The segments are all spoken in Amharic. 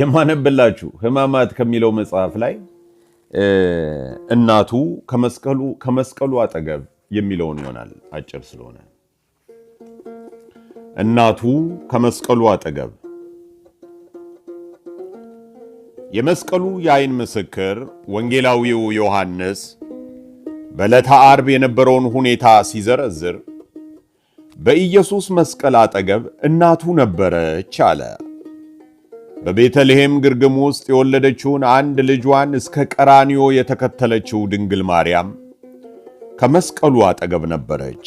የማነብላችሁ ሕማማት ከሚለው መጽሐፍ ላይ እናቱ ከመስቀሉ አጠገብ የሚለውን ይሆናል፣ አጭር ስለሆነ እናቱ ከመስቀሉ አጠገብ። የመስቀሉ የዓይን ምስክር ወንጌላዊው ዮሐንስ በዕለተ ዓርብ የነበረውን ሁኔታ ሲዘረዝር በኢየሱስ መስቀል አጠገብ እናቱ ነበረች አለ። በቤተልሔም ግርግም ውስጥ የወለደችውን አንድ ልጇን እስከ ቀራኒዮ የተከተለችው ድንግል ማርያም ከመስቀሉ አጠገብ ነበረች።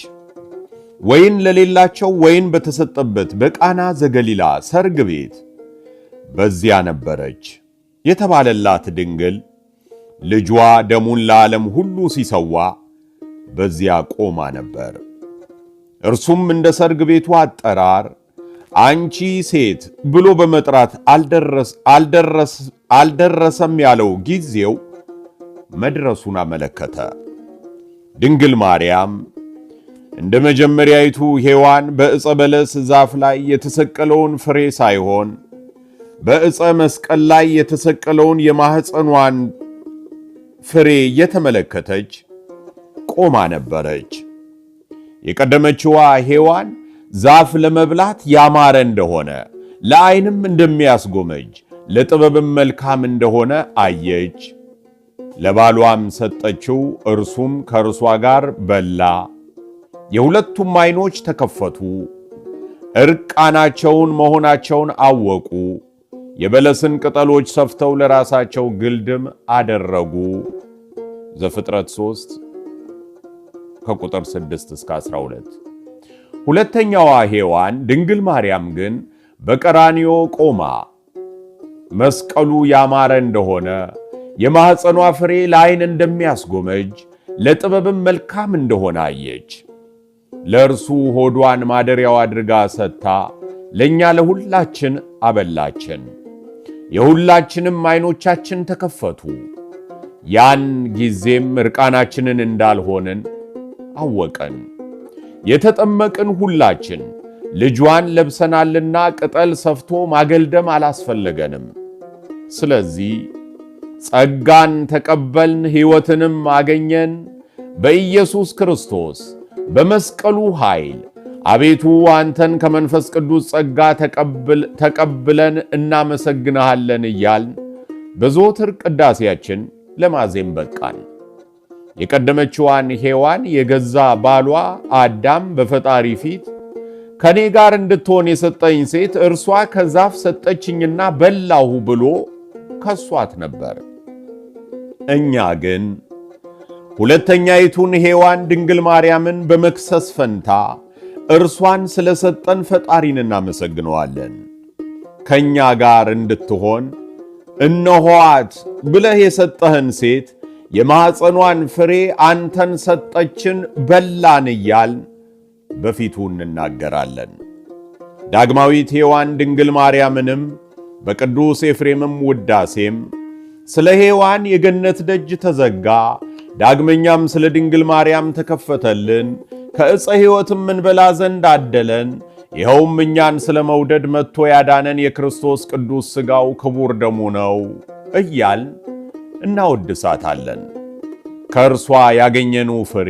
ወይን ለሌላቸው ወይን በተሰጠበት በቃና ዘገሊላ ሰርግ ቤት በዚያ ነበረች የተባለላት ድንግል ልጇ ደሙን ለዓለም ሁሉ ሲሰዋ በዚያ ቆማ ነበር። እርሱም እንደ ሰርግ ቤቱ አጠራር አንቺ ሴት ብሎ በመጥራት አልደረሰም ያለው ጊዜው መድረሱን አመለከተ። ድንግል ማርያም እንደ መጀመሪያይቱ ሔዋን በዕፀ በለስ ዛፍ ላይ የተሰቀለውን ፍሬ ሳይሆን በዕፀ መስቀል ላይ የተሰቀለውን የማኅፀኗን ፍሬ የተመለከተች ቆማ ነበረች። የቀደመችዋ ሔዋን ዛፍ ለመብላት ያማረ እንደሆነ ለዓይንም እንደሚያስጎመጅ ለጥበብም መልካም እንደሆነ አየች። ለባሏም ሰጠችው፣ እርሱም ከእርሷ ጋር በላ። የሁለቱም ዓይኖች ተከፈቱ፣ እርቃናቸውን መሆናቸውን አወቁ። የበለስን ቅጠሎች ሰፍተው ለራሳቸው ግልድም አደረጉ። ዘፍጥረት 3 ከቁጥር 6 እስከ 12 ሁለተኛዋ ሔዋን ድንግል ማርያም ግን በቀራንዮ ቆማ መስቀሉ ያማረ እንደሆነ የማኅፀኗ ፍሬ ለዐይን እንደሚያስጎመጅ ለጥበብም መልካም እንደሆነ አየች። ለእርሱ ሆዷን ማደሪያው አድርጋ ሰጥታ ለእኛ ለሁላችን አበላችን። የሁላችንም ዐይኖቻችን ተከፈቱ። ያን ጊዜም ዕርቃናችንን እንዳልሆንን አወቀን። የተጠመቅን ሁላችን ልጇን ለብሰናልና ቅጠል ሰፍቶ ማገልደም አላስፈለገንም። ስለዚህ ጸጋን ተቀበልን፣ ሕይወትንም አገኘን። በኢየሱስ ክርስቶስ በመስቀሉ ኃይል አቤቱ አንተን ከመንፈስ ቅዱስ ጸጋ ተቀብለን እናመሰግንሃለን እያልን በዘወትር ቅዳሴያችን ለማዜም በቃን። የቀደመችዋን ሔዋን የገዛ ባሏ አዳም በፈጣሪ ፊት ከኔ ጋር እንድትሆን የሰጠኝ ሴት እርሷ ከዛፍ ሰጠችኝና በላሁ ብሎ ከሷት ነበር። እኛ ግን ሁለተኛይቱን ሔዋን ድንግል ማርያምን በመክሰስ ፈንታ እርሷን ስለሰጠን ፈጣሪን እናመሰግነዋለን። ከእኛ ጋር እንድትሆን እነኋት ብለህ የሰጠህን ሴት የማኅፀኗን ፍሬ አንተን ሰጠችን በላን እያል በፊቱ እንናገራለን። ዳግማዊት ሔዋን ድንግል ማርያምንም በቅዱስ ኤፍሬምም ውዳሴም ስለ ሔዋን የገነት ደጅ ተዘጋ፣ ዳግመኛም ስለ ድንግል ማርያም ተከፈተልን፣ ከዕፀ ሕይወትም እንበላ ዘንድ አደለን። ይኸውም እኛን ስለ መውደድ መጥቶ ያዳነን የክርስቶስ ቅዱስ ሥጋው ክቡር ደሙ ነው እያል እናወድሳታለን። ከእርሷ ያገኘነው ፍሬ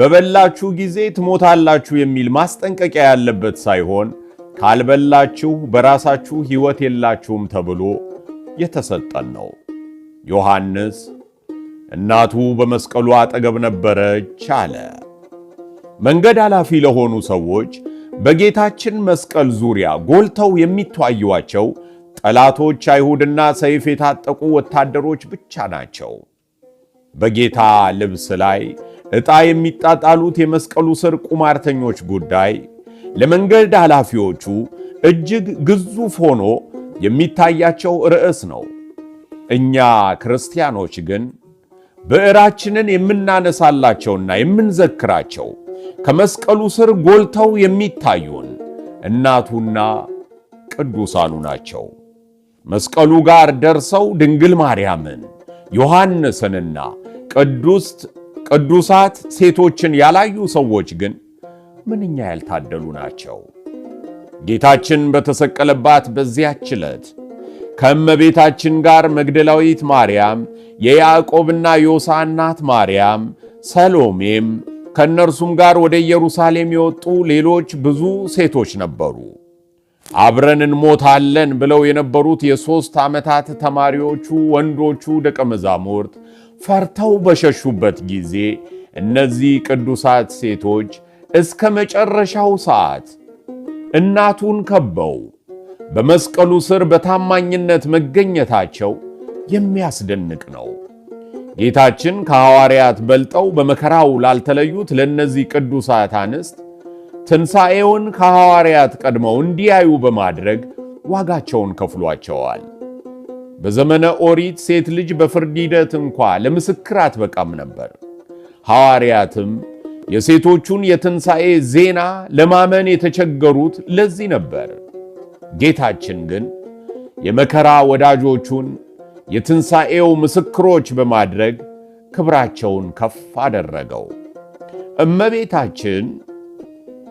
በበላችሁ ጊዜ ትሞታላችሁ የሚል ማስጠንቀቂያ ያለበት ሳይሆን ካልበላችሁ በራሳችሁ ሕይወት የላችሁም ተብሎ የተሰጠን ነው። ዮሐንስ እናቱ በመስቀሉ አጠገብ ነበረች አለ። መንገድ ኃላፊ ለሆኑ ሰዎች በጌታችን መስቀል ዙሪያ ጎልተው የሚተዋዩዋቸው ጠላቶች አይሁድና ሰይፍ የታጠቁ ወታደሮች ብቻ ናቸው። በጌታ ልብስ ላይ ዕጣ የሚጣጣሉት የመስቀሉ ስር ቁማርተኞች ጉዳይ ለመንገድ ኃላፊዎቹ እጅግ ግዙፍ ሆኖ የሚታያቸው ርዕስ ነው። እኛ ክርስቲያኖች ግን ብዕራችንን የምናነሳላቸውና የምንዘክራቸው ከመስቀሉ ስር ጎልተው የሚታዩን እናቱና ቅዱሳኑ ናቸው። መስቀሉ ጋር ደርሰው ድንግል ማርያምን ዮሐንስንና ቅዱሳት ሴቶችን ያላዩ ሰዎች ግን ምንኛ ያልታደሉ ናቸው። ጌታችን በተሰቀለባት በዚያች ዕለት ከእመቤታችን ጋር መግደላዊት ማርያም፣ የያዕቆብና ዮሳ እናት ማርያም፣ ሰሎሜም ከእነርሱም ጋር ወደ ኢየሩሳሌም የወጡ ሌሎች ብዙ ሴቶች ነበሩ። አብረን እንሞታለን ብለው የነበሩት የሦስት ዓመታት ተማሪዎቹ ወንዶቹ ደቀ መዛሙርት ፈርተው በሸሹበት ጊዜ እነዚህ ቅዱሳት ሴቶች እስከ መጨረሻው ሰዓት እናቱን ከበው በመስቀሉ ስር በታማኝነት መገኘታቸው የሚያስደንቅ ነው። ጌታችን ከሐዋርያት በልጠው በመከራው ላልተለዩት ለእነዚህ ቅዱሳት አንስት ትንሣኤውን ከሐዋርያት ቀድመው እንዲያዩ በማድረግ ዋጋቸውን ከፍሏቸዋል። በዘመነ ኦሪት ሴት ልጅ በፍርድ ሂደት እንኳ ለምስክር አትበቃም ነበር። ሐዋርያትም የሴቶቹን የትንሣኤ ዜና ለማመን የተቸገሩት ለዚህ ነበር። ጌታችን ግን የመከራ ወዳጆቹን የትንሣኤው ምስክሮች በማድረግ ክብራቸውን ከፍ አደረገው። እመቤታችን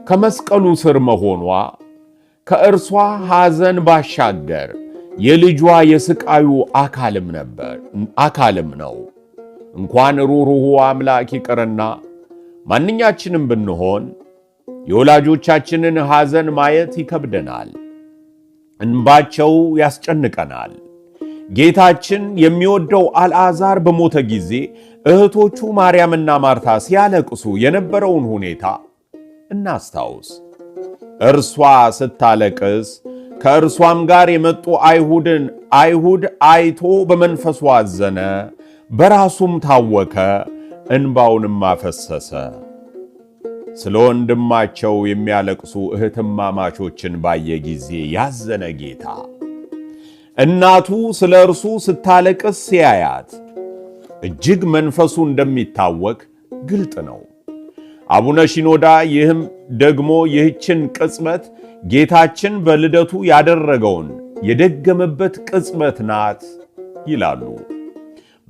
ከመስቀሉ ስር መሆኗ ከእርሷ ሐዘን ባሻገር የልጇ የስቃዩ አካልም ነበር አካልም ነው። እንኳን ሩህሩህ አምላክ ይቅርና ማንኛችንም ብንሆን የወላጆቻችንን ሐዘን ማየት ይከብደናል፣ እንባቸው ያስጨንቀናል። ጌታችን የሚወደው አልዓዛር በሞተ ጊዜ እህቶቹ ማርያምና ማርታ ሲያለቅሱ የነበረውን ሁኔታ እናስታውስ። እርሷ ስታለቅስ ከእርሷም ጋር የመጡ አይሁድን አይሁድ አይቶ በመንፈሱ አዘነ፣ በራሱም ታወከ፣ እንባውንም አፈሰሰ። ስለ ወንድማቸው የሚያለቅሱ እህትማማቾችን ባየ ጊዜ ያዘነ ጌታ እናቱ ስለ እርሱ ስታለቅስ ሲያያት እጅግ መንፈሱ እንደሚታወክ ግልጥ ነው። አቡነ ሺኖዳ ይህም ደግሞ ይህችን ቅጽበት ጌታችን በልደቱ ያደረገውን የደገመበት ቅጽበት ናት ይላሉ።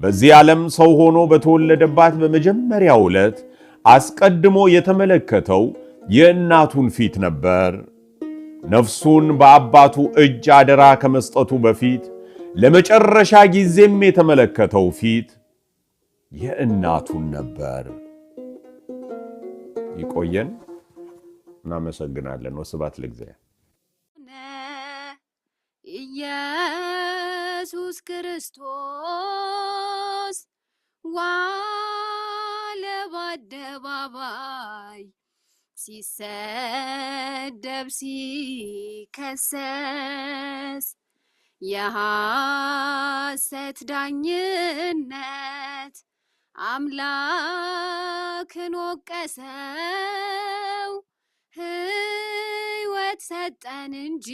በዚህ ዓለም ሰው ሆኖ በተወለደባት በመጀመሪያው ዕለት አስቀድሞ የተመለከተው የእናቱን ፊት ነበር። ነፍሱን በአባቱ እጅ አደራ ከመስጠቱ በፊት ለመጨረሻ ጊዜም የተመለከተው ፊት የእናቱን ነበር። ይቆየን። እናመሰግናለን። ወስብሐት ለእግዚአብሔር። ኢየሱስ ክርስቶስ ዋለ በአደባባይ ሲሰደብ ሲከሰስ የሐሰት ዳኝነት አምላክ አምላክን ወቀሰው። ሕይወት ሰጠን እንጂ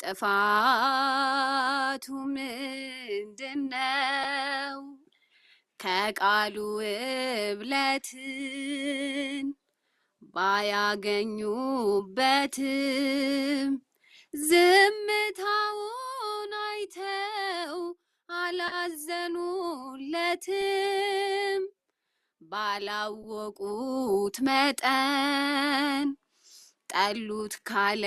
ጥፋቱ ምንድን ነው? ከቃሉ እብለትን ባያገኙበትም ዝምታውን አይተው አላዘኑለትም። ባላወቁት መጠን ጠሉት ካለ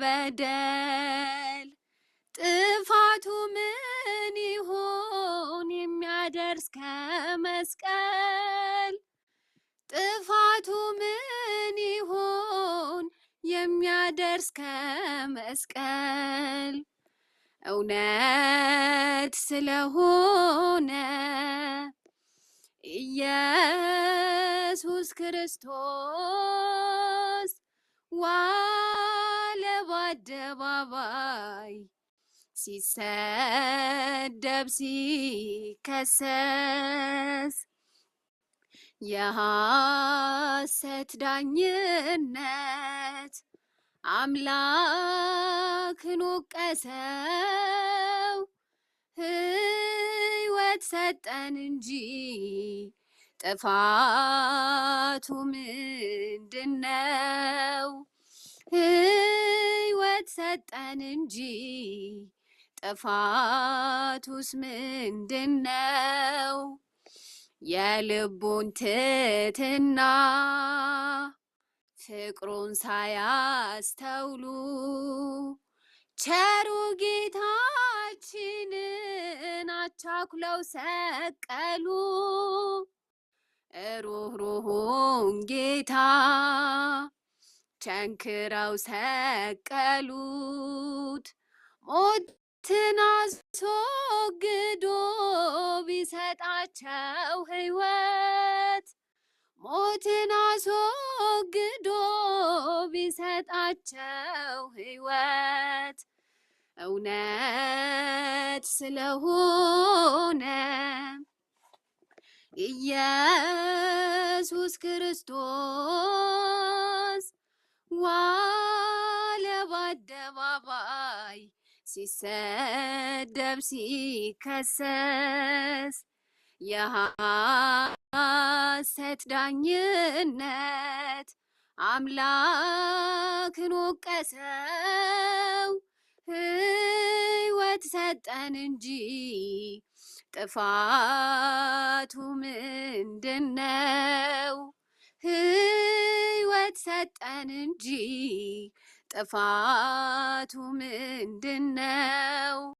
በደል ጥፋቱ ምን ይሆን የሚያደርስ ከመስቀል ጥፋቱ ምን ይሆን የሚያደርስ ከመስቀል እውነት ስለሆነ ኢየሱስ ክርስቶስ ዋለ በአደባባይ ሲሰደብ ሲከሰስ የሐሰት ዳኝነት አምላክን ወቀሰ። ምህረት ሰጠን እንጂ ጥፋቱ ምንድን ነው? ህይወት ሰጠን እንጂ ጥፋቱስ ምንድን ነው? የልቡን ትትና ፍቅሩን ሳያስተውሉ ቸሩ ጌታችንን አቻኩለው ሰቀሉ። ሩህሩሁን ጌታ ቸንክረው ሰቀሉት። ሞትን አስወግዶ ቢሰጣቸው ሕይወት ሞትን አስወግዶ ቢሰጣቸው ሕይወት እውነት ስለሆነ ኢየሱስ ክርስቶስ ዋለ በአደባባይ ሲሰደብ ሲከሰስ ሐሰት ዳኝነት አምላክን ወቀሰው፣ ሕይወት ሰጠን እንጂ ጥፋቱ ምንድን ነው? ሕይወት ሰጠን እንጂ ጥፋቱ ምንድን ነው?